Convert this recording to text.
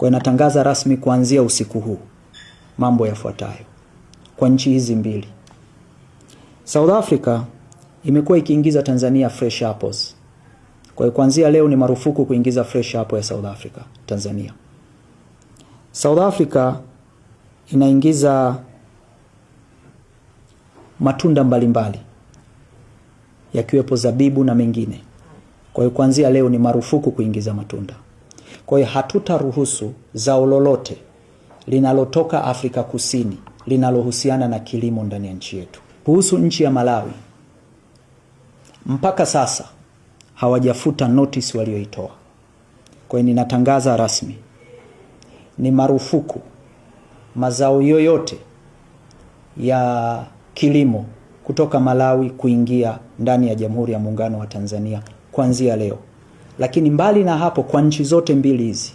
Kwa inatangaza rasmi kuanzia usiku huu mambo yafuatayo kwa nchi hizi mbili. South Africa imekuwa ikiingiza Tanzania fresh apples. Kwa hiyo kuanzia leo ni marufuku kuingiza fresh apple ya South Africa Tanzania. South Africa inaingiza matunda mbalimbali yakiwepo zabibu na mengine. Kwa hiyo kuanzia leo ni marufuku kuingiza matunda. Kwa hiyo hatutaruhusu zao lolote linalotoka Afrika Kusini linalohusiana na kilimo ndani ya nchi yetu. Kuhusu nchi ya Malawi, mpaka sasa hawajafuta notice walioitoa. Kwa hiyo ninatangaza rasmi, ni marufuku mazao yoyote ya kilimo kutoka Malawi kuingia ndani ya Jamhuri ya Muungano wa Tanzania kuanzia leo. Lakini mbali na hapo, kwa nchi zote mbili hizi